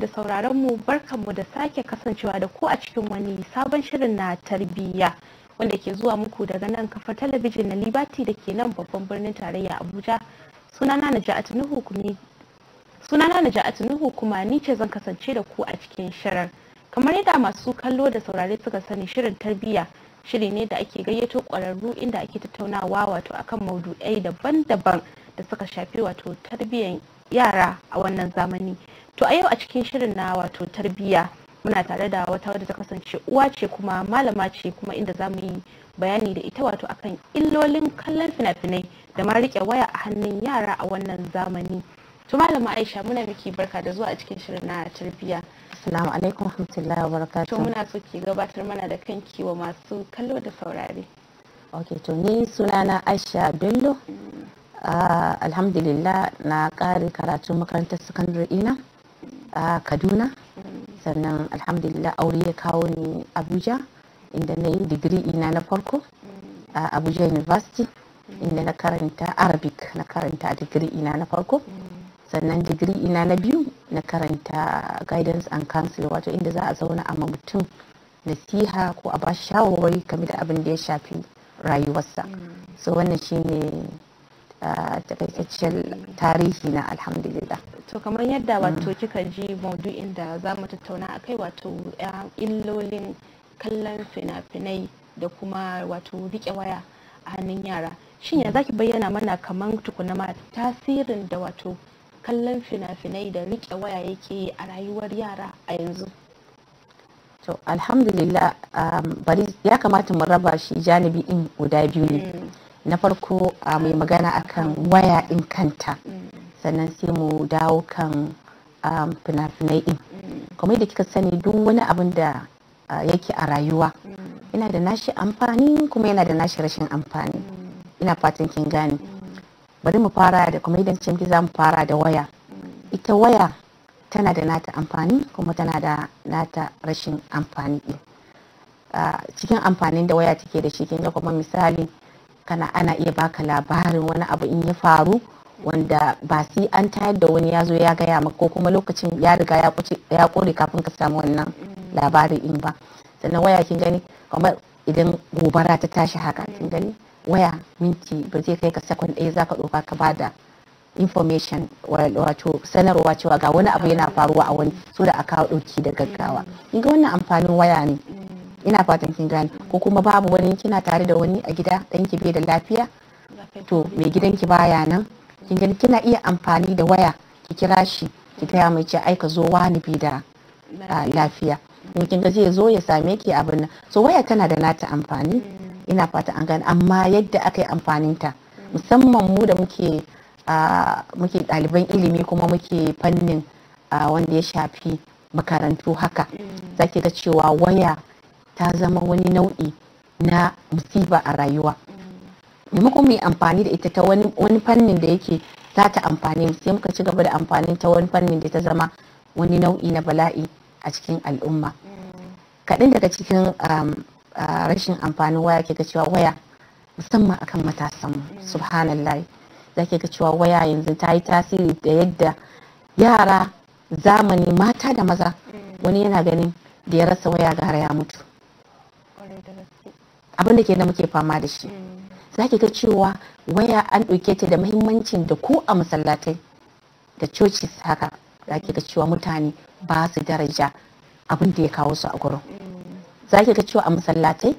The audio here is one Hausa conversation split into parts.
da sauraron mu barkan mu da sake kasancewa da ku a cikin wani sabon shirin na tarbiyya wanda ke zuwa muku daga nan kafar talabijin na Liberty da ke nan babban birnin tarayya Abuja. Sunana Naja'atu Nuhu kuma ni ce zan kasance da ku a cikin shirin. Kamar yadda masu kallo da saurare suka sani shirin tarbiyya shiri ne da ake gayyato ƙwararru inda ake tattaunawa wato akan maudu'ai daban-daban da suka shafi wato tarbiyyar yara a wannan zamani to a yau a cikin shirin na wato tarbiyya muna tare da wata wadda ta kasance uwa ce kuma malama ce kuma inda za mu yi bayani da ita wato akan illolin kallon fina-finai da ma rike waya a hannun yara a wannan zamani to malama aisha muna miki barka da zuwa a cikin shirin na tarbiyya assalamu alaikum rahmatullahi wa to muna so ki gabatar mana da kanki wa masu kallo da saurare ok to ni sunana aisha bello mm. Ah, alhamdulillah na kare karatun makarantar sakandare ina a kaduna sannan alhamdulillah aure ya kawo ni abuja inda na yi digiri ina na farko a abuja university inda na karanta arabic na karanta digiri ina na farko sannan digiri ina na biyu na karanta guidance and counseling wato inda za a zauna a mutum nasiha ko a ba shawarwari game da abin da ya shafi rayuwarsa so wannan shine takaitaccen tarihi na alhamdulillah to kamar yadda mm. wato kika ji maudu'in da za mu tattauna a kai wato illolin kallon fina-finai da kuma wato rike waya a hannun yara shin ya zaki bayyana mana kamar tukuna ma tasirin da wato kallon fina-finai da rike waya yake a rayuwar yara a yanzu to alhamdulillah um, bari ya kamata mu raba shi janibi in guda biyu ne mm. na farko a mai magana akan waya in kanta mm. sannan sai mu dawo kan fina-finai din mm. Kuma da kika sani duk wani abin da yake a rayuwa mm. Ina da nashi amfani kuma yana da nashi rashin amfani ina fatan kin gane bari mu fara da kuma idan cin za mu fara da waya ita waya tana da nata amfani kuma tana da nata rashin amfani cikin amfanin da waya take da shi kin ga kuma misali kana ana iya baka labarin wani abu in ya faru wanda ba si an tayar da wani ya zo ya gaya maka ko kuma lokacin ya riga ya kore kafin ka samu wannan labarin in ba sannan waya kin gani kamar idan gobara ta tashi haka kin gani waya minti ba zai kai ka sakon ɗaya za ka ɗauka ka ba da information wato sanarwa cewa ga wani abu yana faruwa a wani so da aka ɗauki da gaggawa kin ga wannan amfanin waya ne ina fatan kin gane ko kuma babu wani kina tare da wani a gida danki bai da lafiya to mai ki baya nan kin gani kina iya amfani da waya ki kira shi ki taya mai ce ai ka zo wani bi da ah, lafiya in kin ga zai zo ya same ki abin nan so waya tana da nata amfani ina fata an gane amma yadda aka yi amfanin ta musamman mu da muke ah, muke ɗaliban ilimi kuma muke fannin ah, wanda ya shafi makarantu haka zaki ga cewa waya ta zama wani nau'i na musiba a rayuwa maimakon mu amfani da ita ta wani fannin da yake za ta amfani sai muka ci gaba da amfani ta wani fannin da ta zama wani nau'i na bala'i a cikin al'umma kaɗan daga cikin um, rashin amfanin waya ke ga cewa waya musamman akan matasanmu subhanallah za ke ga cewa waya yanzu ta yi tasiri da yadda yara zamani mata da maza wani yana ganin da ya rasa waya gara ya mutu abin da kenan muke fama da shi mm. za ki ga cewa waya an ɗauke ta da muhimmancin da ku a masallatai da coci haka za ki ga cewa mutane ba su daraja abin da ya kawo su a gurin mm. za ki ga cewa a masallatai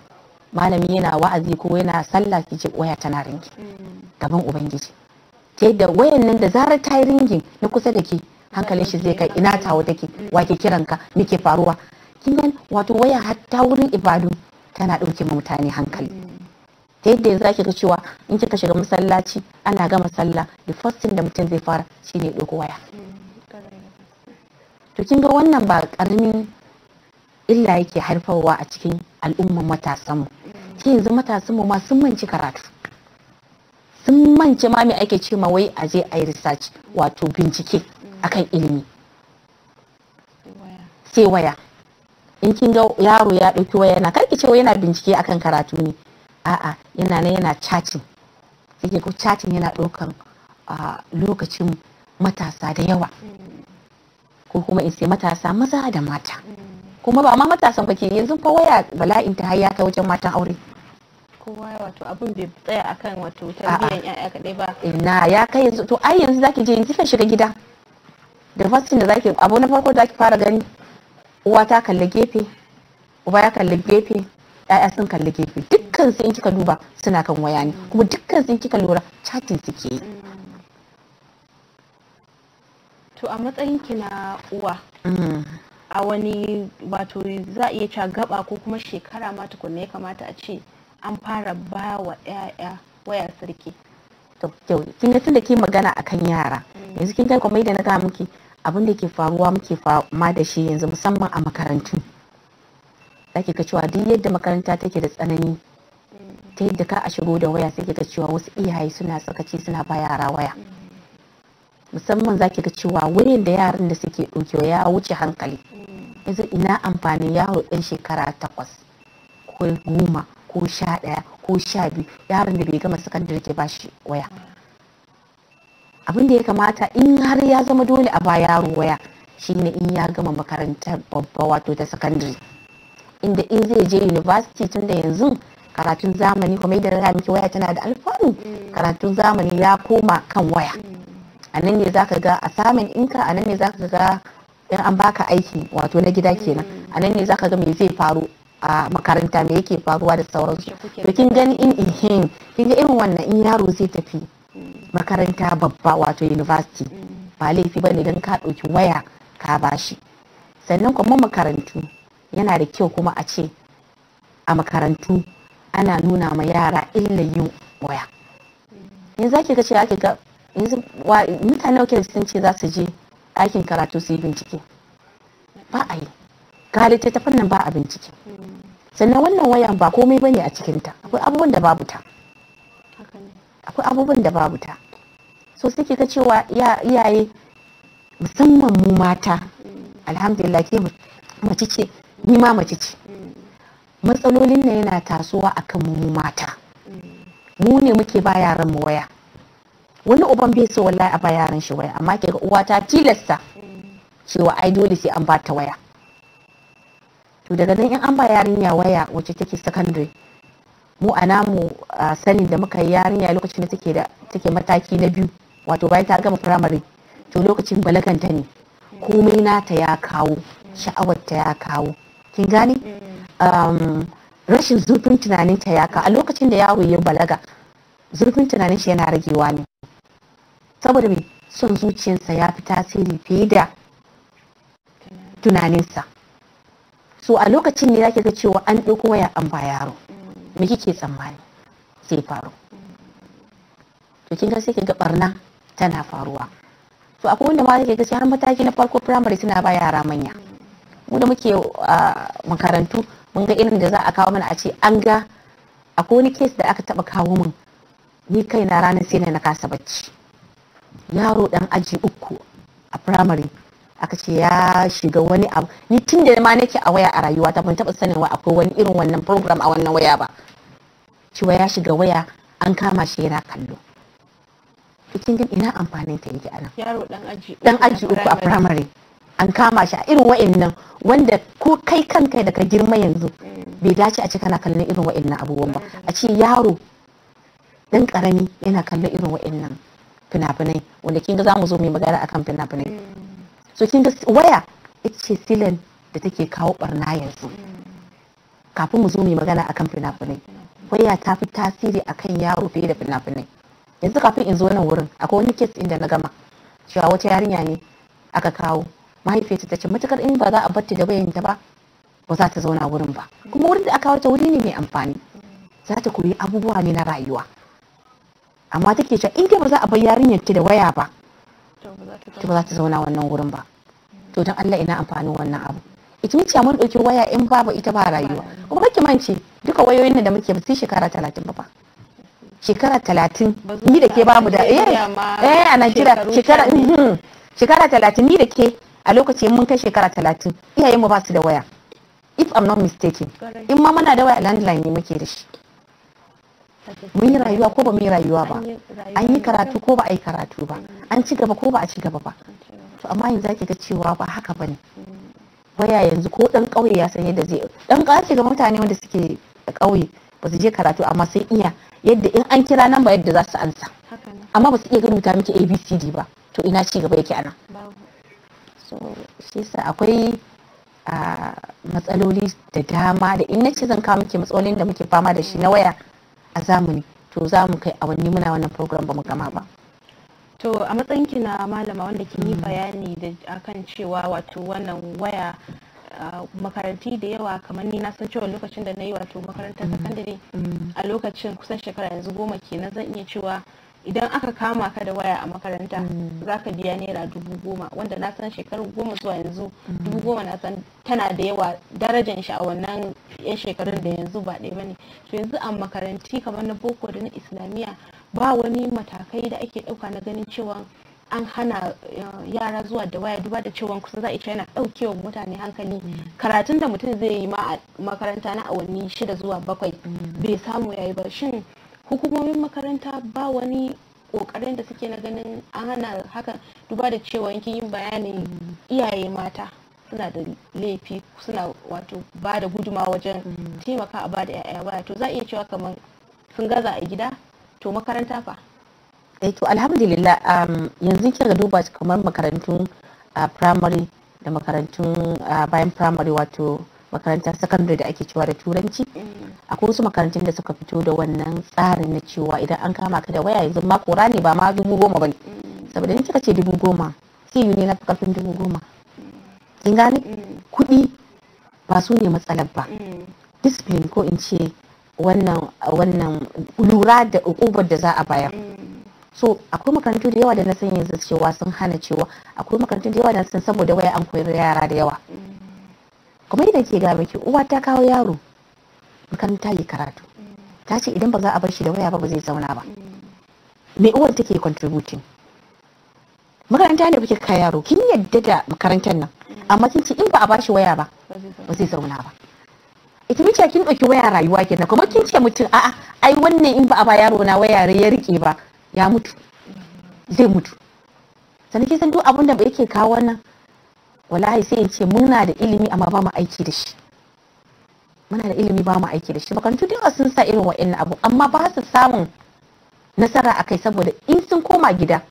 malami yana wa'azi ko yana sallah ki ce waya tana ringi mm. gaban ubangiji ta yadda wayan nan da zarar ta yi ringin na kusa da ke hankalin shi zai kai ina tawo take wake kiranka me ke faruwa kin wato waya har ta wurin ibadu tana ɗauke ma mutane hankali ta yadda yanzu ake ga cewa in kika shiga masallaci ana gama sallah the first thing da mutum zai fara shine ɗauko waya to kin ga wannan ba ƙaramin illa yake haifarwa a cikin al'umman matasanmu shi yanzu matasanmu ma sun manci karatu sun manci ma me ake ce ma wai a je a yi research wato bincike akan ilimi sai waya in kin ga yaro ya ɗauki waya na karki ce yana bincike akan karatu ne a'a yana nan yana cacin sai ko cacin yana ɗaukan lokacin matasa da yawa mm. ko kuma in sai matasa maza da mata mm. kuma ba ma matasan ba ke yanzu fa waya bala'in ta har ya kai wajen matan aure kowa wato abun bai tsaya akan wato tarbiyyar yaya kadai ba ina ya kai yanzu to ai yanzu zaki je yanzu ka shiga gida da fasin da zaki abu na farko da zaki fara gani uwa ta kalli gefe uba ya kalli gefe ya'ya sun kalli gefe dukkan su in kika duba suna kan waya ne kuma dukkan su in kika lura chatting suke yi to a matsayin ki na uwa mm. a wani wato za a iya cewa gaba ko kuma shekara ma tukunna ya kamata a ce an fara ba wa 'ya'ya waya sarki to kyau, kin yi tunda ki magana akan yara mm. yanzu kin kai komai da na ga miki abin da ke faruwa muke fama da shi yanzu musamman a makarantu za ka cewa duk yadda makaranta take da tsanani ta yadda ka a shigo da waya sai ga cewa wasu iyaye suna sakaci suna ba yara waya musamman zaki ka cewa wurin da yaran da suke ɗaukewa ya wuce hankali yanzu ina amfanin yaro ɗan shekara takwas ko goma ko sha ɗaya ko sha biyu yaran da bai gama sakandare ke ba shi waya abin da ya kamata in har ya zama dole a ba yaro waya shine in ya gama makarantar babba wato ta sakandare inda in zai je university tun da yanzu karatun zamani kuma idan ya miki waya tana da alfanu mm. karatun zamani ya koma kan waya mm. a nan ne zaka ga assignment inka a nan ne zaka ga in an baka aiki wato na gida kenan mm. a nan ne zaka ga me zai faru a makaranta me yake faruwa da sauransu to kin gani in ihin kin ga irin wannan in yaro zai tafi makaranta babba wato university mm. ba laifi bane don ka ɗauki waya ka bashi sannan kuma makarantu yana da kyau kuma a ce a makarantu ana nuna ma yara illa yin waya yanzu mm. ake ga cewa ake ga yanzu mutane wakil sun ce za su je ɗakin karatu su yi bincike ba a yi ga ta nan ba a bincike mm. sannan wannan wayan ba komai ne a cikinta akwai abubuwan da babu ta akwai abubuwan da babu ta so sai ga cewa iyaye musamman mu mata alhamdulillah ke mace ce ni ma mace ce matsalolin nan yana tasowa akan mu mata mu ne muke ba yaran mu waya wani uban bai so wallahi a ba yaran shi waya amma ke uwa ta tilasta cewa ai dole sai an ba ta waya to daga nan in an ba yarinya waya wacce take secondary mu a namu sanin da muka yi yarinya lokacin da take mataki na biyu wato bayan ta gama firamare to lokacin balaganta ne komai nata ya kawo sha'awar ta ya kawo kin gane rashin zurfin tunanin ta ya kawo a lokacin da yawo ya balaga zurfin tunanin shi yana ragewa ne saboda mai son zuciyarsa ya fi tasiri fiye da tunaninsa so a lokacin ne zaki ga cewa an ɗauko waya an ba yaro me kike tsammani zai faru to kin ga sai ki barna tana faruwa to akwai wanda ma zai ga har mataki na farko primary suna ba yara manya mu da muke a makarantu mun ga irin da za a kawo mana a ce an ga akwai wani case da aka taba kawo min ni kai na ranar sai na kasa bacci yaro dan aji uku a primary aka ce ya shiga wani abu ni tun da ma nake a waya a rayuwa ta ban taba sanin wa akwai wani irin wannan program a wannan waya ba cewa ya shiga waya an kama shi yana kallo kin ga ina amfanin ta yake anan yaro dan aji dan aji uku a primary an kama shi a irin wa'annan wanda ko kai kanka da ka girma yanzu mm. bai dace a ce kana kallon irin wa'annan abubuwan ba a ce yaro dan karami yana kallon irin wa'annan fina-finai wanda kin ga mu zo mu yi magana akan fina-finai mm. so kin ga waya ita silen da take kawo barna yanzu kafin mu zo mu magana akan finafinai waya ta fi tasiri akan yaro fiye da finafinai yanzu kafin in zo nan wurin akwai wani kes inda na gama cewa wata yarinya ne aka kawo mahaifiyarta ta ce matukar in ba za a batta da wayanta ba ba za ta zauna wurin ba kuma wurin da aka wata wuri ne mai amfani za ta koyi abubuwa ne na rayuwa amma take cewa in dai ba za a bar yarinyar ta da waya ba to ba za ta zauna wannan wurin ba to don Allah ina amfanin wannan abu ikimici mun ɗauki waya in babu ita ba rayuwa kuma kake mance duka wayoyin da muke ba sai shekara talatin ba ba shekara talatin ni da ke babu da eh, eh a Najeriya shekara mhm, shekara talatin ni da ke a lokacin mun kai shekara talatin iyayen mu ba su da waya if I'm not mistaken in ma muna da waya landline ne muke da shi mun yi rayuwa ko ba mun yi rayuwa ba an yi karatu ko ba a yi karatu ba mm. an ci gaba ko ba a ci gaba ba to amma yanzu zaki ga cewa ba haka ba ne mm. waya yanzu ko dan ƙauye ya san yadda zai dan ƙauye ga mutane wanda suke ƙauye ba su je karatu amma sun iya yadda in an kira nan ba yadda za su ansa amma ba su iya rubuta miki abcd ba to ina ci gaba yake ana so shi yasa akwai ah, matsaloli da dama da in na ce zan kawo miki matsalolin da muke fama da shi na waya a zamani to za mu kai awanni muna wannan program ba mu gama ba to a matsayinki na malama wanda ke yi mm. bayani da akan cewa wato wannan waya makaranti da yawa kamar ni na san cewa lokacin da na yi wato makarantar mm. sakandare mm. a lokacin kusan shekara yanzu goma kenan zan iya cewa idan aka kama ka da waya a makaranta mm. za ka biya naira dubu goma wanda na san shekaru goma zuwa yanzu mm. dubu goma na san tana da yawa darajan shi a wannan yan shekarun da yanzu ba ɗaya bane to yanzu a makaranti kamar na boko da na islamiyya ba wani matakai da ake ɗauka na ganin cewa an hana eh, yara zuwa da waya duba da cewa kusa za a ce yana ɗaukewa mutane hankali mm. karatun da mutum zai yi ma a makaranta na awanni shida zuwa bakwai bai samu yayi ba shin hukumomin makaranta ba wani kokarin da suke na ganin an hana haka duba da cewa yankin yin bayanin iyaye mata suna da laifi suna wato ba da guduma wajen taimaka a ba da 'ya'ya baya to za a iya cewa kamar sun gaza a gida to makaranta fa eh to alhamdulillah um, yanzu kika duba kamar makarantun uh, primary da makarantun uh, bayan primary wato makarantar sakandare da ake cewa da turanci mm. akwai wasu makarantun da suka fito da wannan tsarin na cewa idan an kama ka da waya yanzu ma kora ne ba ma dubu goma ne mm. saboda ni kika ce dubu goma sai yi ne na karfin dubu goma mm. kin gane kuɗi ba su ne matsalar ba discipline ko in ce wannan lura da ukubar da za a bayar so akwai makarantu da yawa da na san yanzu cewa sun hana cewa akwai makarantu da yawa da na san saboda waya an koyar yara da yawa kuma yadda ke gaya miki uwa ta kawo yaro makaranta yi karatu ta ce idan ba za a bar shi da waya ba ba zai zauna ba me uwar take contributing makaranta ne kuke kai yaro kin yadda da makarantar nan amma kin ce in ba a bashi waya ba ba zai zauna ba ita mace kin ɗauki waya rayuwa kenan kuma kin ce mutum a'a ai wannan in ba a ba yaro na waya ya rike ba ya mutu zai mutu sannan kin san duk abin da yake kawo wannan wallahi sai ce muna da ilimi amma ba mu aiki da shi muna da ilimi ba mu aiki da shi makarantu da sun sa irin wa'annan abu amma ba su samun nasara a kai saboda in sun koma gida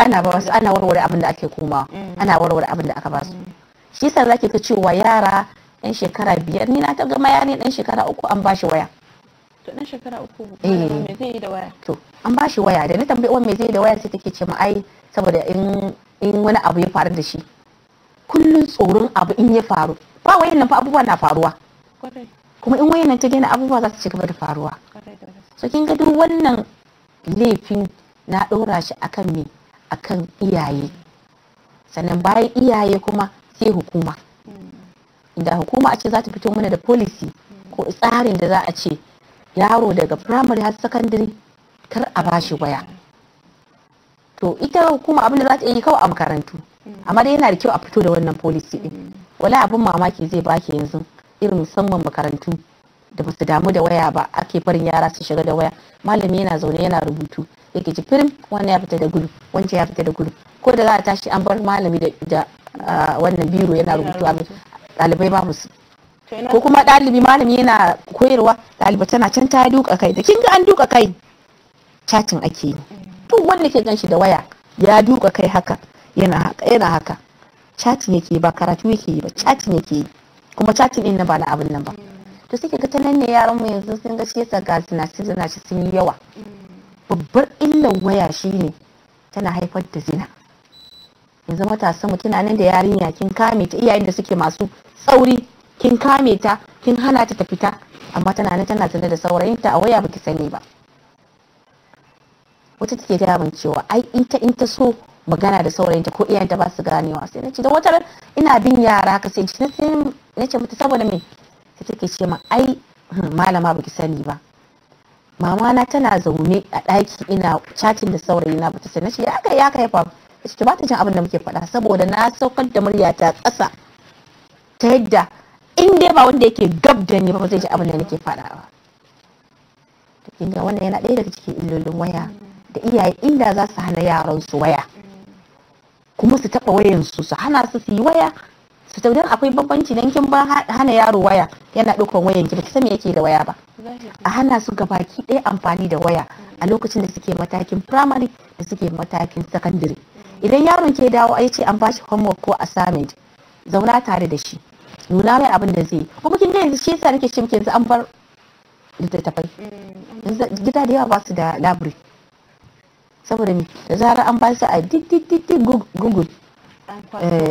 ana ba su ana warware abin da ake koma mm. ana warware abin da aka ba su mm. shi yasa zaki ka cewa yara yan shekara biyar ni na ta gama yari dan shekara uku an ba shi waya to dan shekara uku eh. me zai yi da waya to an ba shi waya da na tambayi wa me zai yi da waya sai take ce ma ai saboda in in wani abu ya faru da shi kullum tsoron abu in ya faru ba wayan nan abubuwa na faruwa kuma in wayan nan ta gina abubuwa za ta ci gaba da faruwa so kin ga wannan laifin na ɗora shi akan me akan iyaye sannan bayan iyaye kuma sai hukuma hmm. inda hukuma a ce za ta fito mana da policy hmm. ko tsarin da za a ce yaro daga firamare har secondary kar a bashi waya hmm. to ita hukuma abin da za ta yi kawai a makarantu Mm. amma dai yana da kyau a fito da wannan policy din mm. wala abin mamaki zai baki yanzu irin musamman makarantu da basu damu da waya ba ake barin yara su shiga da waya malami yana zaune yana rubutu yake ji firim wani ya fita da gudu wancan ya fita da gudu ko da za a tashi an bar malami da wannan biro yana rubutu a ɗalibai babu su ko kuma ɗalibi malami yana koyarwa ɗaliba tana can ta duka kai da kin ga an duka kai chatin ake yi mm. duk wanda ke ganshi da waya ya duka kai haka yana haka yana haka yake ba karatu yake yi ba chatin yake yi kuma cacin din nan ba na abin nan ba to sai ga ta nan ne yaran mu yanzu sun ga shi yasa ga suna zina shi sun yi yawa babbar illar waya shine tana haifar da zina yanzu matasan mu tana nan da yarinya kin kame ta iyayen da suke masu tsauri kin kame ta kin hana ta ta fita amma tana nan tana zina da saurayinta a waya baki sani ba wata take gaya cewa ai in ta in ta so magana da saurayinta ko iyayenta ba su ganewa sai na ce da wata ina bin yara ka sai na ce mata saboda me sai take ce ma ai hmm, malama baki sani ba mama na tana zaune a ɗaki ina chatting da saurayi na bata sani ce ya kai ya kai fa ce ba ta jin abin da muke faɗa saboda na saukar da murya ta ƙasa ta yadda in dai ba wanda yake gab da ni ba zai ji abin da nake faɗa ba to kin wannan yana ɗaya daga cikin illolin waya da iyaye inda za su hana yaran su waya kuma su taɓa wayan su hana su su yi waya su don akwai bambanci don kin ba hana yaro waya yana ɗaukar wayan ki ba san me yake da waya ba a hana su gabaki ɗaya amfani da waya a lokacin da suke matakin primary da suke matakin secondary idan yaron ke dawo a ce an bashi homework ko assignment zauna tare da shi nuna mai abin da zai kuma kin ga yanzu shi yasa nake shi yanzu an bar littattafai eh, gida da yawa ba su da library saboda da zarar an ba su a dik gungun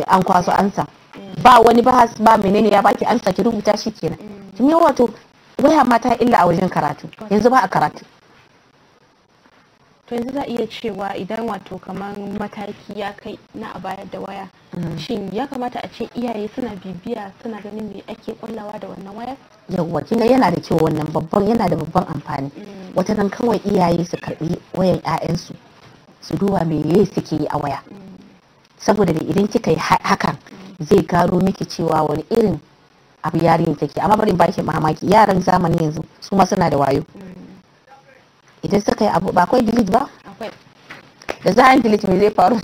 an kwaso ansa eh. ba wani bahas ba menene ya baki ansa ki rubuta shi kenan kin mm. yawa wato waya mata illa a wajen karatu yanzu ba a karatu to yanzu za iya cewa idan wato kamar mataki ya kai na a bayar da waya mm. shin ya kamata a ce iyaye suna bibiya suna ganin me ake kullawa da wannan waya yawwa kinga yana da kyau wannan babban yana da babban amfani mm. wata nan kawai iyaye su karbi wayan 'ya'yansu su duba me ya suke yi a waya saboda da idan kika yi hakan zai gano miki cewa wani irin abu yarin take amma bari baki mamaki yaran zamani yanzu su ma suna da wayo idan suka yi abu ba akwai delete ba da za a delete me zai faru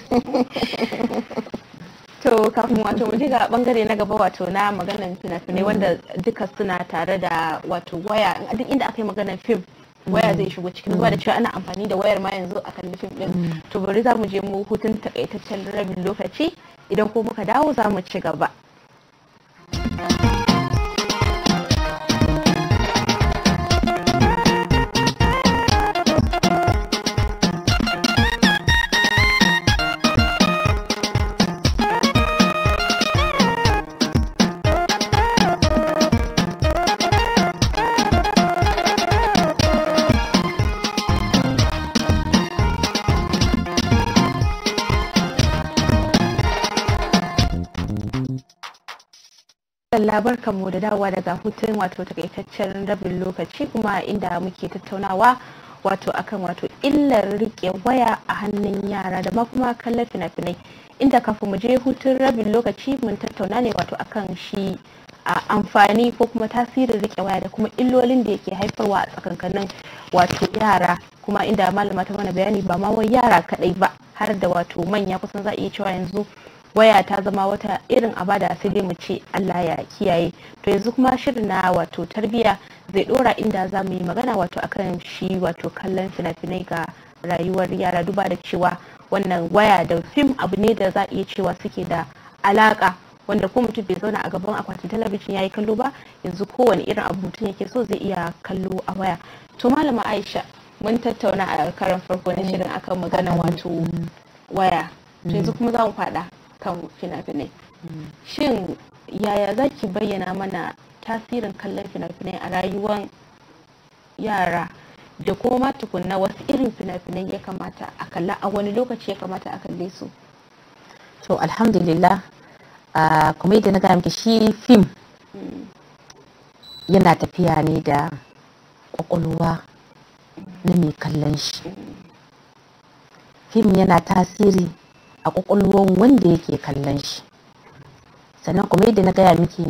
to kafin wato mu ga bangare na gaba wato na maganan fina-finai wanda duka suna tare da wato waya duk inda aka yi maganan fim waya mm. zai shigo cikin ruwa da cewa ana amfani da wayar ma yanzu a kan nufin din mm. to bari za mu je mu hutun takaitaccen rabin lokaci idan ko muka dawo za mu ci gaba. madalla mu da dawowa daga hutun wato takaitaccen rabin lokaci kuma inda muke tattaunawa wato akan wato illar rike waya a hannun yara da ma kuma kallon fina-finai inda kafin mu je hutun rabin lokaci mun tattauna ne wato akan shi a amfani ko kuma tasirin rike waya da kuma illolin da yake haifarwa a tsakankanin wato yara kuma inda malama ta mana bayani ba ma wai yara kadai ba har da wato manya kusan za a iya cewa yanzu waya ta zama wata irin abada sai dai mu ce Allah ya kiyaye to yanzu kuma shirin na wato tarbiya zai dora inda za mu yi magana wato akan shi wato kallon fina-finai ga rayuwar yara duba da cewa wannan waya da fim abu ne da za a iya cewa suke da alaka wanda ko mutum bai zauna a gaban akwatin talabijin ya yi kallo ba yanzu kowane irin abu mutum yake so zai iya kallo a waya to malama aisha mun tattauna a karan farko na mm. shirin akan magana wato mm. waya to mm. yanzu kuma za mu faɗa kan fina-finai mm. shin yaya za ki bayyana mana tasirin kallon fina-finai a rayuwar yara da kuma ma tukunna wasu irin fina-finai ya kamata a kalla a wani lokaci ya kamata a kalle su to alhamdulillah kuma yadda na gaya miki shi fim mm. yana tafiya ne da kwakwalwa na mai kallon shi mm. fim yana tasiri a kwakwalwan wanda yake kallon shi sannan kuma yadda na gaya miki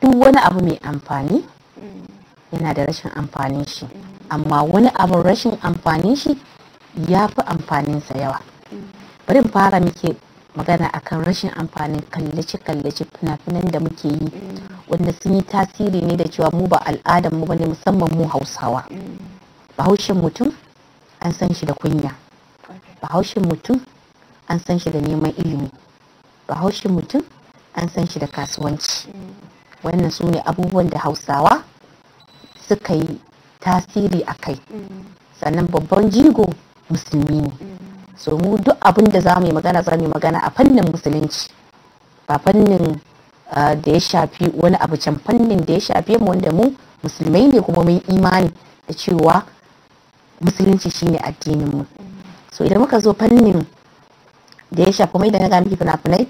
duk wani abu mai amfani yana da rashin amfanin shi amma wani abu rashin amfanin shi ya fi amfaninsa yawa bari fara muke magana akan rashin amfanin kallace-kallace fina-finan da muke yi wanda sun yi tasiri ne da cewa mu ba al'adar mu bane musamman mu hausawa bahaushen mutum an san shi da kunya bahaushen mutum an san shi da neman ilimi bahaushen mutum an san shi da kasuwanci wannan su ne abubuwan da hausawa suka yi tasiri a kai sannan babban jigo musulmi ne so mu duk abin da za mu yi magana za mu yi magana a fannin musulunci ba fannin ah, da ya shafi wani abu can fannin da ya shafi mu wanda mu musulmai ne kuma mun imani da cewa musulunci shine addinin mu so idan muka zo fannin da ya shafi mai da na miki fina-finai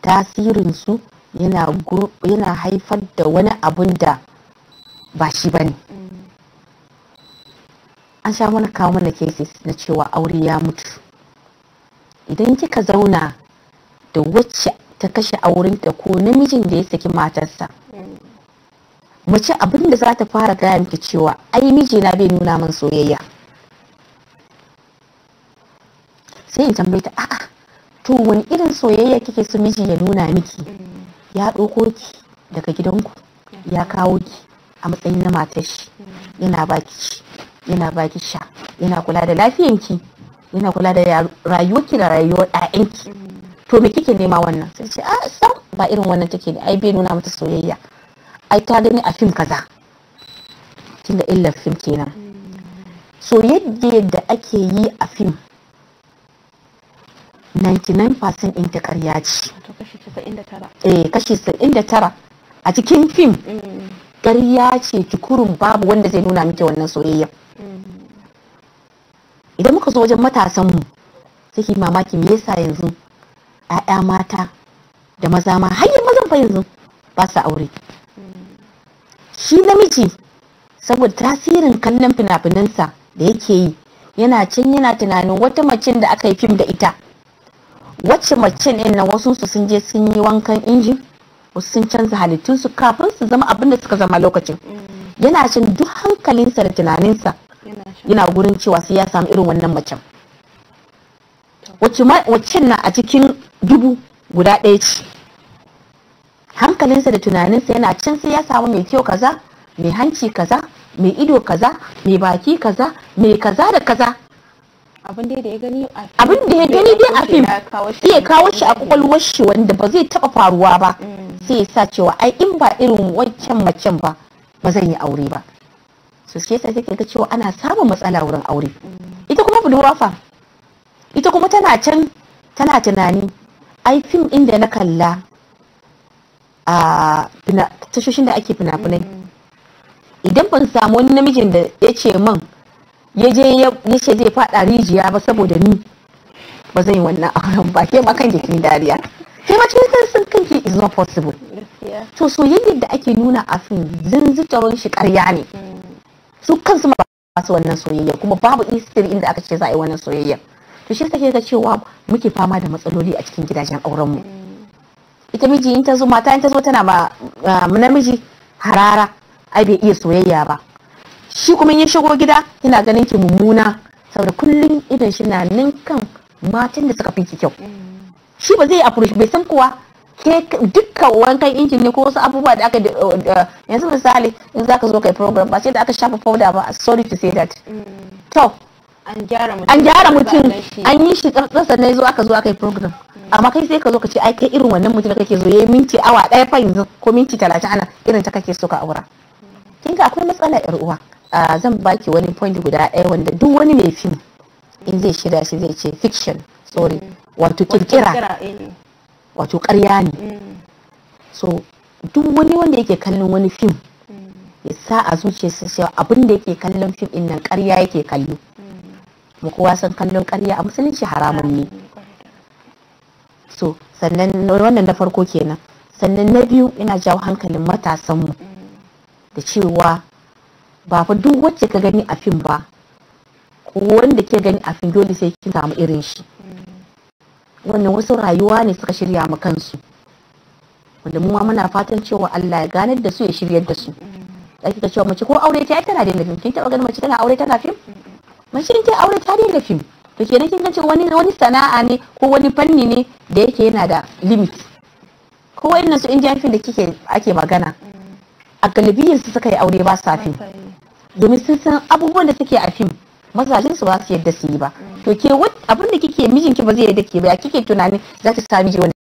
tasirinsu yana haifar da wani abun da ba shi ba ne an sha mana kawo mana cases na cewa aure ya mutu idan kika zauna da wacce ta kashe aurenta ko namijin da ya saki matarsa mace abin da za ta fara gaya miki cewa ai mijina bai nuna min soyayya sai in tambayi ta a'a to wani irin soyayya kike so miji ya nuna miki mm. ya ɗauko ki daga gidanku ya mm. kawo ki a matsayin na matar shi mm. yana baki ci yana baki sha yana kula da lafiyanki yana kula da rayuwarki da rayuwar ɗayanki to me kike nema wannan sai ce a sam ba irin wannan take da ai bai nuna mata soyayya ai ta gani a fim kaza kin ga illar fim kenan so yadda yadda ake yi a fim 99% inda ta ce eh kashi 99 a cikin fim mm. ƙarya ce kikurin babu wanda zai nuna miki wannan soyayya mm. idan muka zo wajen matasanmu sai mamaki me yasa yanzu 'ya'ya mata da maza ma har mazan fa yanzu ba sa aure mm. shi namiji saboda tasirin kallon fina-finansa da yake yi yana can yana tunanin wata macin da aka yi fim da ita wacce mace ne nan wasu su sun je sun yi wankan injin? wasu sun canza su kafin su zama abin da suka zama lokacin mm. yana cin duk hankalinsa da tunaninsa yana gurin cewa sai ya samu irin wannan macen wacce na a cikin dubu guda ɗaya ce hankalinsa da tunaninsa yana cin sai ya samu mai kyau kaza mai hanci kaza mai ido kaza mai baki kaza mai kaza da kaza abin da ya gani dai a fim ya kawo shi a kwakwalwar shi wanda ba zai taba faruwa ba mm. sai ya sa cewa ai in ba irin wancan macen ba ba zan yi aure ba su shi yasa take ga cewa ana samun matsala wurin aure mm. ita kuma budurwa fa ita kuma tana can tana tunani ai fim inda na kalla a tashoshin da ake fina-finai mm. idan ban samu wani namijin da ya ce min ya je ya ce zai fada rijiya ba saboda ni ba zai yi wannan auren ba ke makan jikin dariya ke ma cikin sun kanki is not possible to soyayyar da ake nuna a fim zinzitaron shi karya ne mm. su kansu ba su wannan soyayya kuma babu istiri inda aka ce za a yi wannan soyayya to shi sake ga cewa muke fama da matsaloli a cikin gidajen auren mu mm. ita miji in ta zo mata in ta zo tana ma ah, namiji harara ai bai iya soyayya ba shi kuma ya shigo gida yana ganin ki mummuna saboda kullum idan shi na nan kan matan da suka fi ki kyau shi ba zai approach bai san kuwa dukkan wankan injin ne ko wasu abubuwa da aka yanzu misali in za ka zo kai program ba sai da aka shafa powder ba sorry to say that to an gyara mutum an yi shi tsatsa ne zo aka zo aka yi program amma kai sai ka zo ka ce ai kai irin wannan mutum da kake zo yayi minti awa daya fa yanzu ko minti talatin ana irin ta kake so ka aura kin ga akwai matsala yar uwa zan baki wani point guda ɗaya wanda duk wani mai fim in zai shirya shi zai ce fiction sorry mm. wato kirkira eh. wato karya ne mm. so duk wani wanda yake kallon wani fim mm. ya sa a zuciyarsa cewa abin da yake kallon fim in nan karya yake kallo mu kowa san kallon karya a musulunci haramun ne so sannan wannan na farko kenan sannan na biyu ina jawo hankalin matasanmu da cewa ba fa duk wacce ka gani a fim ba ko wanda ke gani a fim dole sai kin samu irin shi wannan wasu rayuwa ne suka shirya ma kansu wanda mu ma muna fatan cewa Allah ya ganar da su ya shiryar da su ake ta cewa mace ko aure ta tana da fim kin taba ganin mace tana aure tana fim mace in ta aure ta daina fim to kenan kin ga wani wani sana'a ne ko wani fanni ne da yake yana da limit ko wayannan su indian fim da kike ake magana a galibiyar su suka yi aure ba sa fim domin sun san abubuwan da suke a fim mazajen su ba su yadda su yi ba to ke abin da kike mijinki ba zai yadda ke ba ya kike tunanin za ta sami ji wani